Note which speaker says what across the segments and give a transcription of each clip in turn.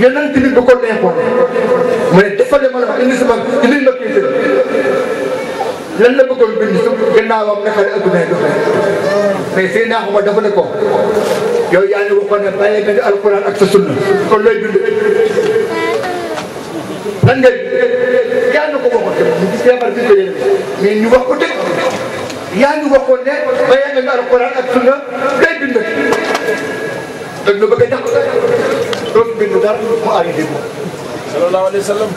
Speaker 1: yonent bi bu ko neexoon mu ne defale ma la ma kii lan la bëggoon bind su gannaawam naka la adduna doxee mais seen naaxu ma dafa ne ko yow yaa ngi waxoon ne bàyyi nga alquran ak sa sunna kon looy bind lan ngay yaa ngi ko waxoon ñu gis yaakaar gis nga mais ñu wax ko dëgg yaa ngi waxoon ne bàyyi nga alquran ak sunna ngay bind te ñu bëgg du dara mu arrêté ko. sallallahu alayhi wa sallam.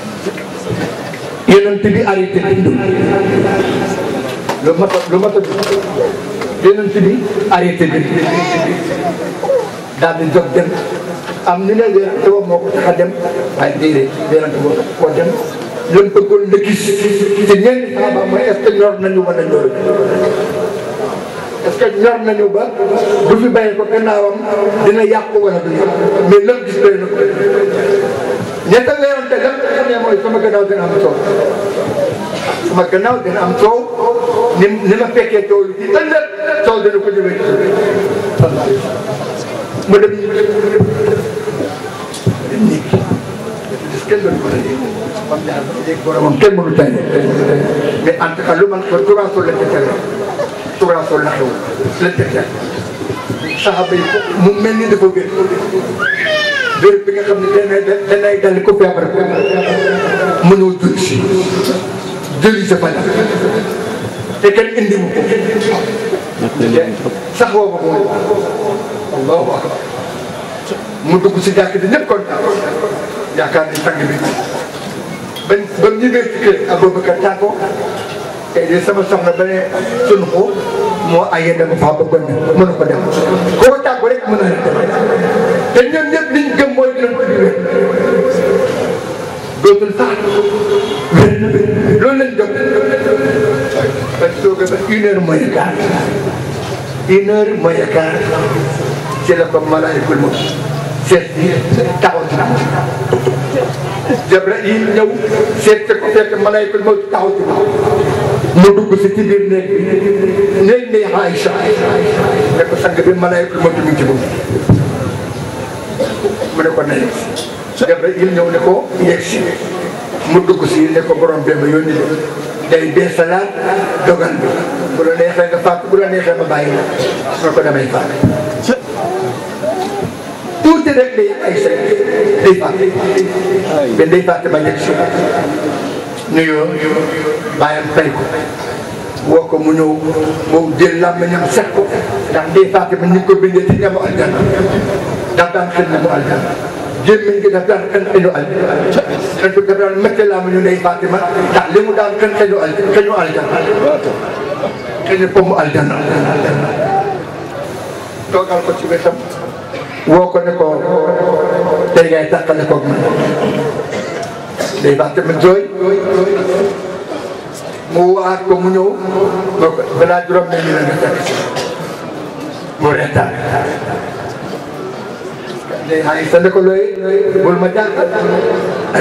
Speaker 1: yonent bi arrêté dund. lu mat a lu mat a yonent bi arrêté dund. daal di jóg dem am ñu ne yonent boobu moo ko tax a dem waaye déedéet yonent boobu ko dem. lan bëggoon la gis te ñenn saaba mooy est-ce que ñor nañu wala ñor. parce que ñor nañu ba bu fi bàyyi ko gannaawam dina yàqu wala du yàqu mais lépp gis ko ñetta weerante lépp xam ne mooy sama gannaaw dina am soow sama gannaaw dina am soow ni ni ma fekkee soow li ci ëllëg soow dina ko jëmee ci ma dem ñi kenn doon ko xam ne am na turaas wala xew la tegtal saxaaba yi mu mel ni dafa wér béréb bi nga xam ne danay danay dal ko feebar mënoo julli si jëli sa fan te kenn indi mu ko sax woo ma ko allahu akbar mu dugg si jàkk di ñëpp kontaan yaakaar ni tàng bi bañ ba mu ñëwee ci kër Aboubacar tàggoo te de sama soxna ba ne sunu ko moo ayee dama faa bëggoon na mënu ko def koo tàggu rek mën na def te ñoom ko wér dootul sax wér loolu lañ gëm parce que ba une heure mooy quart une heure mooy quart ci la ko malaayikul moom seet taxaw ci Jibril ñëw seet ko seet malaayikul taxaw mu dugg si ci biir néeg bi néeg ne Aïcha ne ko sang bi malaayka moom mi ngi ci bunt mu ne ko na yegg si Jibril ñëw ne ko yegg si mu dugg si ne ko borom bee ba yónni de day dee salaat dogal bi bu la neexee nga fàq bu la neexee ma bàyyi la su ko damay fàq tuuti rek day ay say day fàq ba day fàq ma yegg si nuyoo bàyyam fay ko woo ko mu ñëw moom jël làmmiñam set ko ndax dee fàtte bi ñu ngi ko bindee ci ñamu aljana ndax daan xel ñamu aljana jémmiñ gi daf daan xen xeñu al xen daf daan métte làmmiñu ndey mu daan xen al xeñu ko ci wetam woo ne ko tey ngay tàqale koog man day baax tamit jooy mu waat ko mu ñëw donc balaa juróom ne ñu ne nga fekk si mu reetaan day xaay sa ne ko looy bul ma jàngal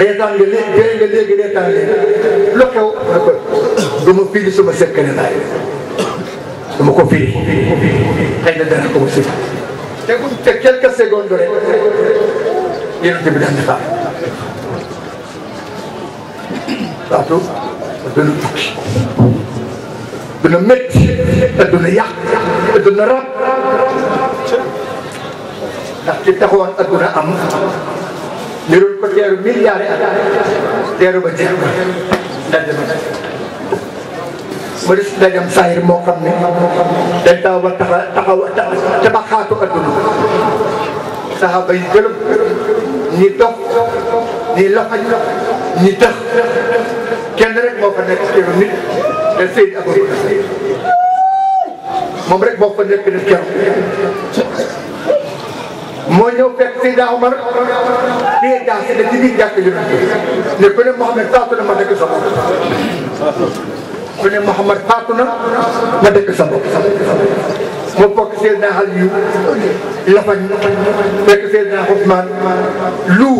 Speaker 1: reetaan nga léegi jooy nga léegi reetaan léegi lu xew ne ko du ma firi suma sekkale laay dama ko firi xëy na dana ko ma si te te quelques secondes rek yéen a bi daan defaat Fatou dana tukki dana métti dana yàq dana rab ndax ci taxawoon adduna am ñu doon ko teeru milliards yi at teeru ba jeex ndaje ba ma des ndajam saayir moo xam ne dañ taw ba taxa taxaw tabaxaatu adduna saxaaba yi gërëm ñi dox ñi loxañ ñi tax kenn rek moo fa nekk ci nit te Seydi Ababacar Sy moom rek moo fa nekk nit keroog moo ñëw fekk Seydina Omar téye jaasi ne ci biir jàkk yonent bi ne ku ne Mouhamed faatu na ma dëkk sa bopp ku ne Mouhamed faatu na ma dëkk sa bopp mu bokk Seydina Aliyu lafañ fekk Seydina Ousmane lu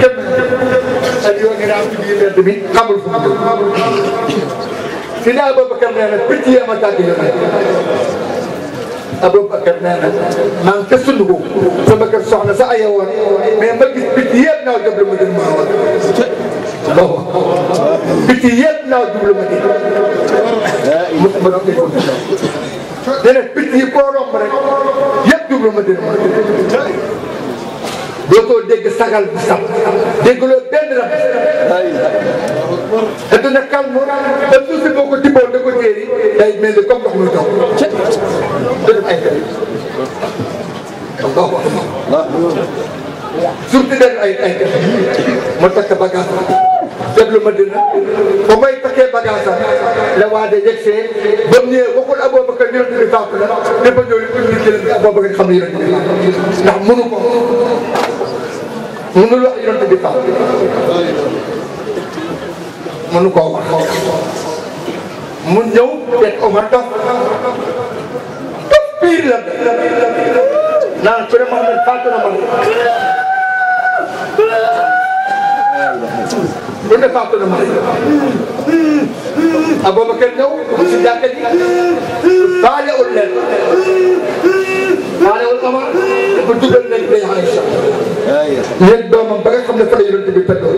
Speaker 1: kenn ay yoon yi daal ci biir mbedd bi xamul fu mu jëm Sida Aboubacar nee na picc yi am a tàgg yu may Aboubacar nee na maa ngi tëstu dugg sama kër soxna sa ayewoon mais ma gis picc yëpp naaw jëm la ma jëm maa war lool picc yëpp naaw jëm la ma jëm mosuma doon déglu dina picc yi boo romb rek yëpp jëm la ma jëm doo ko dégg sagal bu sap déggloo benn rab te dina calme ba suuf si boo ko tibboon da ko téeri day mel ni comme ndox muy dox dëgg ay kër surtout dañ ay ay kër ma takk bagage déglu ma dina ba may takkee bagage la waa de yegsee ba mu ñëwee waxul Aboubacar yonent bi fàq la dafa ñëw nit ñi jëlee Aboubacar xam ne yonent bi ndax mënu ko mënul wax yonent bi Pape mënu koo wax mu ñëw teg Omar dox dox biir la naan su dee Mouhamed fàtte na ma lu ne fàtte na ma Aboubacar ñëw mu si jàkka ji baalewul leen baalewul Omar dafa dugal nañ bay Aïcha yéen doomam ba nga xam ne fa la yonent bi tëddoo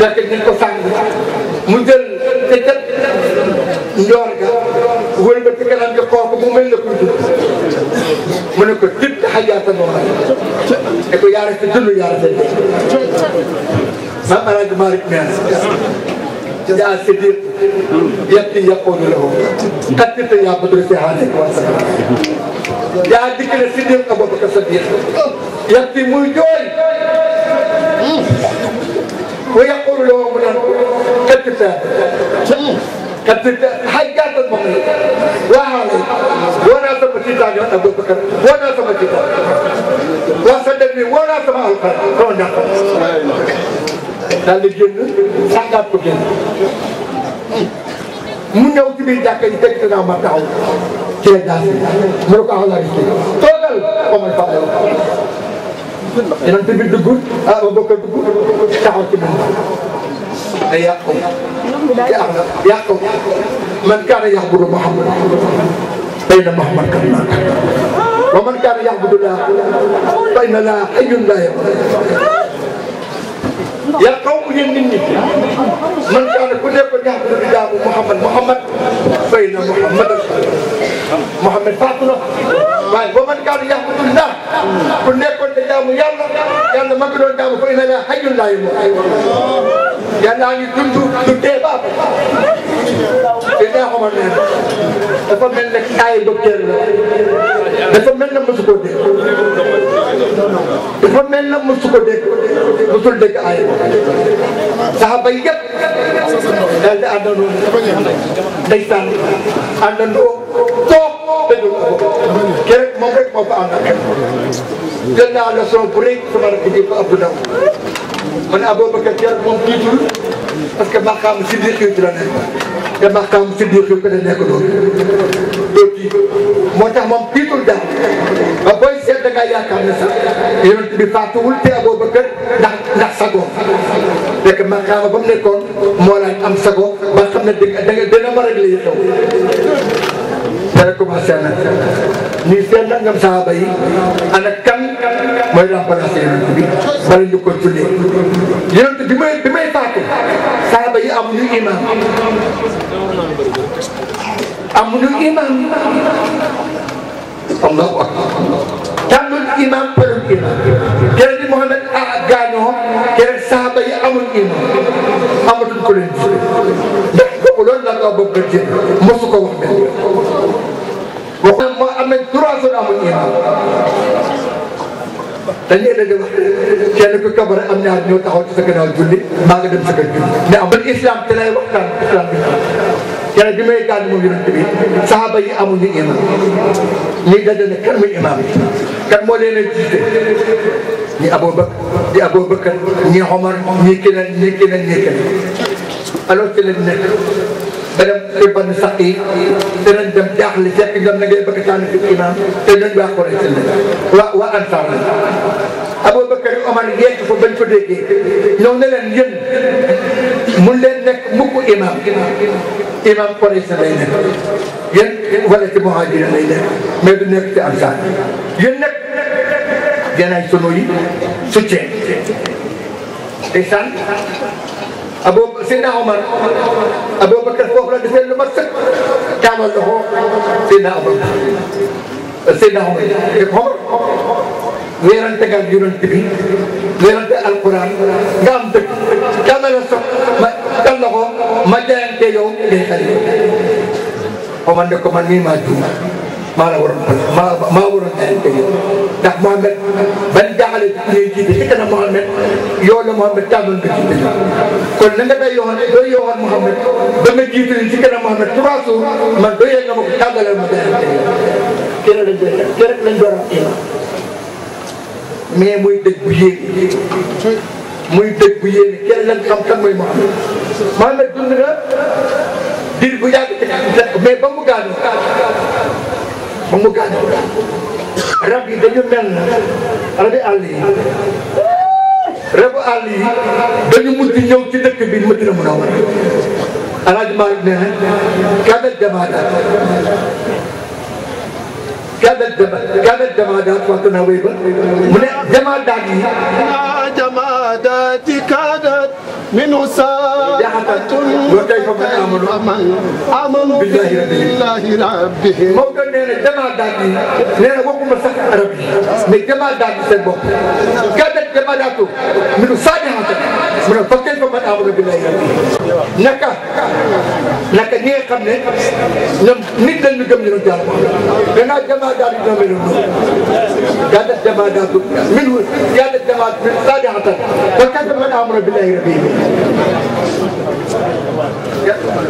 Speaker 1: fekk ñu ko sàng mu jël te jël njoor ga wër nga ci kanam gi kooku mu mel ne kuy dund mu ne ko dit xajaata noona ne ko yaara sa dund yaara sa dee maam Alaaji Malick nee na yaa Sidiq yetti yaqoolu lahu xattita yaa badru si haalek wa salaam yaa dikkale Sidiq Abubakar Sadiq yàq bi muy jooy wa yaqulu loo mu naan kattita kattita xay gàttal moom la waaxaale woo naa sama tiitaange Abubakar woo naa sama tiitaange wax sa dem ni woo naa sama alxuraan doo ñàkk daal di génn sàngaat ko génn mu ñëw ci biir jàkka ji fekk naa ma taxaw ci la jaasi mu ne ko alxuraan toogal yonent bi dugg ah ba bokk dugg taxaw ci dund ay yàq ko yàq yàq ko man kaana ya'budu Muhammad bayna Muhammad kan naak wa man kaana ya'budu laa bayna laa hayyun laa yamut yàq ko yéen nit ñi man kaana ku nekkoon ya'budu di jaamu Muhammad Muhammad bayna Muhammad Muhammad faatu na waaye ba man kaana ya'budu laa ku nekk jaamu yàlla yàlla ma ko doon jaamu fa inna la hayyun laa yamuut yàlla ngi dund du dee ba te daa xamal ne dafa mel ne ay docteur la dafa mel ne mosu ko dégg dafa mel ne mosu ko dégg mosul dégg ay saxaba yi yëpp daal di àndandoo ndeysaan àndandoo toog déglu ko kii rek moom rek moo ko àndal jël naa leçon bu rëy sama rakk ji ba Abdou Ndaw man Aboubacar Diar moom tiitul parce que maqaam siddiq yi ci la nekk te maqaam siddiq yi ko da nekk loolu doo tiit moo tax moom tiitul daal ba booy seet da ngaa yaakaar ne sax yonent bi faatuwul te Aboubacar ndax ndax sagoom fekk maqaama ba mu nekkoon moo laaj am sago ba xam ne da nga dina ma réglé xew sarakuma senn ñuy seen nangam saxaaba yi ana kan mooy remplacé yonent bi bala ñu ko tuddee yonent bi may bi may faatu saxaaba yi amuñu imaam amuñu imaam allahu akbar tànnul imaam përëm imaam keneen di Mouhamed a ah, gaañoo keneen saxaaba yi amul imaam amatul ko leen ndax boobu loolu laa ko bëgg a jël dañuy daje wax kenn ku kabare am ñaar ñëw taxaw ci sa gannaaw julli maa nga dem sa kër julli mais am ban islam ci lay waxtaan islam bi yàlla bi may gàddu moom yonent bi saxaaba yi amuñu imam ñuy daje ne kan muy imam yi kan moo leen a jiite ñi Abubakar di Abubakar ñi Omar ñi keneen ñi keneen ñi keneen alors ci lañ nekk danañ koy ban sax yi danañ dem jaaxle seet ki ñoom na ngay bëgg a tànn ci imaam te ñun waa Quraysh la waa waa Ansaar la Aboubacar Omar yeetu fa bañ ko déggee ñëw ne leen yéen mun leen nekk mukk imaam imaam Quraysh lay nekk yéen wala ci muhaajiriin lay nekk mais du nekk ci Ansaar yéen nag janaay sunu yi su cee ndeysaan Seydina Omar Aboubacar foofu la defee lu mat sëkk taalal loxo Seydina Omar Seydina Omar def Omar weerante gal yonent bi weerante alquran nga am dëkk taalal la sox ma tal loxo ma jaayante yow ngay xarit Omar ne ko man mii maa juum maa la waroon maa waroon jaayante yow ndax Mohamed ban ngay jiite ci kanam Mouhamed yow la Mouhamed tànnoon nga jiite kon na nga day yoon doy yoon Mouhamed ba nga jiite leen ci kanam Mouhamed trois jours man doyee nga ma ko tàggalal ma benn kër lañ doon kër lañ doon mais muy dëgg bu yéene muy dëgg bu yéene kenn lañ xam kan mooy Mouhamed Mouhamed dund na dir bu yàgg mais ba mu gaañoo ba mu gaañoo rab yi dañu mel na rabi àll yi rabu àll yi dañu mujj ñëw ci dëkk bi Madina Munawwara Alaaji Maalik ne kaanat jamaadaat kaanat jamaadaat kaanat jamaadaat waxtu naa wéy ba mu ne jamaadaat yi jamaadaat yi kaanat من ساعة فمن آمن بالله ربه موتا نينا جماعة داتي نينا وكما سك عربي نينا جماعة داتي سيبو كانت جماعة داتو من ساعة mu ne fa kay fa man amana billahi naka naka ñi nga xam ne ñoom nit lañ ñu gëm ñu doon jaar gannaaw jamaa daal yi ñoom ñu doon gàdda jamaa daal du min wu gàdda jamaa du saadihatan fa kay fa man amana billahi rabbi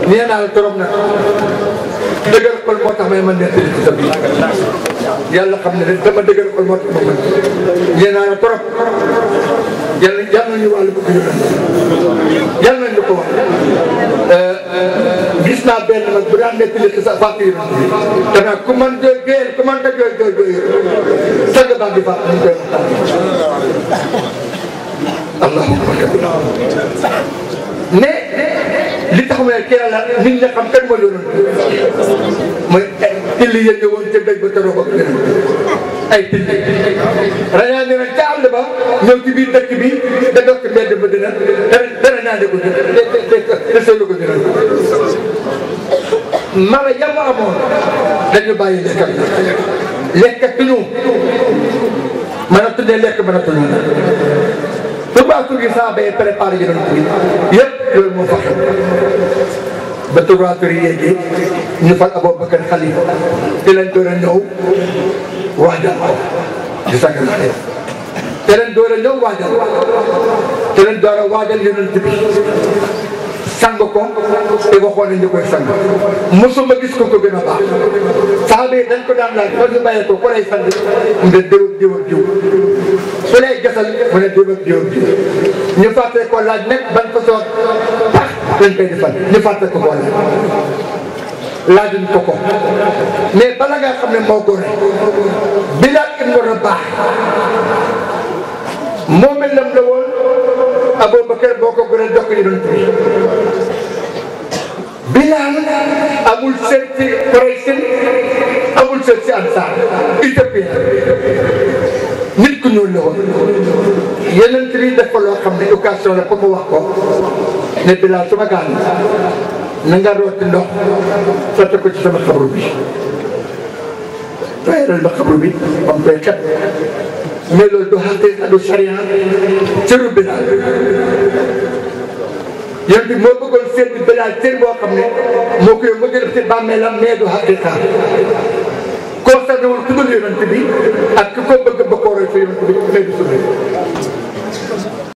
Speaker 1: nee naa la trop nag dëgër xol moo tax may mën nekk ci sa biir yàlla xam ne dama dëgër xol moo tax ma mën nee naa la trop yàlla yàlla nañu wàllu bëgg ñu am yàlla nañu ko wax euh, euh, gis naa benn man bu daan nekk li sa fàtte yi danaa ku man de géer ku man de géer géer géer sëgg baa ngi fàtte ñu koy allahu akbar ne li tax mu ne teel a nit ñi xam kan mooy loolu mooy tilli yéen ñëwoon ca dëj ba teroo ba ay tilli rañaane nañ ca àll ba ñëw ci biir dëkk bi da dokk mbedd ba dina da rañaane ko dina da seetlu ko dina mara yam amoon dañu bàyyi lekkal lekkatuñu mënatuñu lekk mënatuñu tubaasu gi saa bay préparé yonent bi yëpp loolu moo fa xew ba tubaasu yi yeggee ñu fal Aboubacar xalifa te leen door a ñëw wax dëgg di sànq ma def te leen door a ñëw wax dëgg te leen door a waajal yonent bi sang ko te waxoon nañ ñu koy sang mosuma gis ko ko gën a baax saxaaba yi dañ ko daan laaj ba ñu bàyyee ko ku lay sang mu ne diw diw ak diw su lay gasal mu ne diw ak diw ak diw ñu fàtte ko laaj nag ban façon tax lañ koy defal ñu fàtte ko boole laajuñ ko ko mais bala nga xam ne moo góore Bilaal ibnu Rabaax moo mel nam la woon Aboubacar boo ko gënee jox ko yonent bi Bilaal amul seet ci Quraysh amul seet ci Ansaar Éthiopie nit ku ñuul la woon yonent bi def ko loo xam ne occasion la ko mu wax ko ne Bilaal suma gaan na nga rooti ndox sotti ko ci sama xabru bi tooyalal ma bi ba mu koy xet mais loolu du xaqiqa du moo bëggoon seet bi bilaal cër boo xam ne moo koy mën a def ci bàmmeelam mais du xaqiqa concerné wul ku dul yonent bi ak ku ko bëgg ba ko roy fa yonent bi mais du sunna